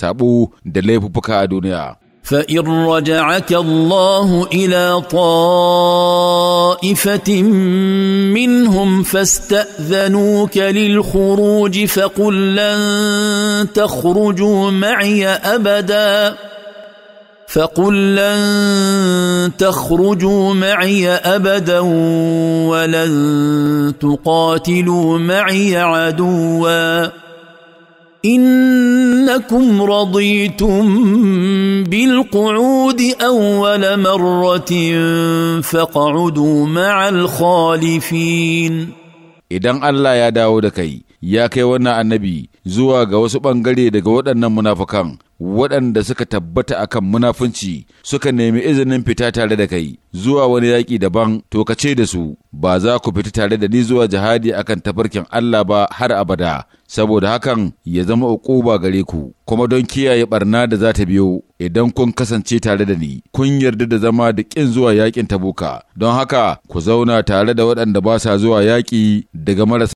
سابو دليب بكا دنيا فإن رجعك الله إلى طائفة منهم فاستأذنوك للخروج فقل لن تخرجوا معي أبدا فقل لن تخرجوا معي أبدا ولن تقاتلوا معي عدوا إن انكم رضيتم بالقعود اول مره فقعدوا مع الخالفين idan Allah ya dawo da kai ya kai wannan annabi zuwa ga wasu ɓangare daga waɗannan munafukan waɗanda suka tabbata akan munafunci suka nemi izinin fita tare da kai zuwa wani yaƙi daban to ka ce da su ba za ku fita tare da ni zuwa jihadi akan tafarkin Allah ba har abada saboda hakan ya zama uquba gare ku kuma don kiyaye barna da za ta biyo idan kun kasance tare da ni kun yarda da zama da ƙin zuwa yaƙin tabuka don haka ku zauna tare da waɗanda ba sa zuwa yaƙi daga marasa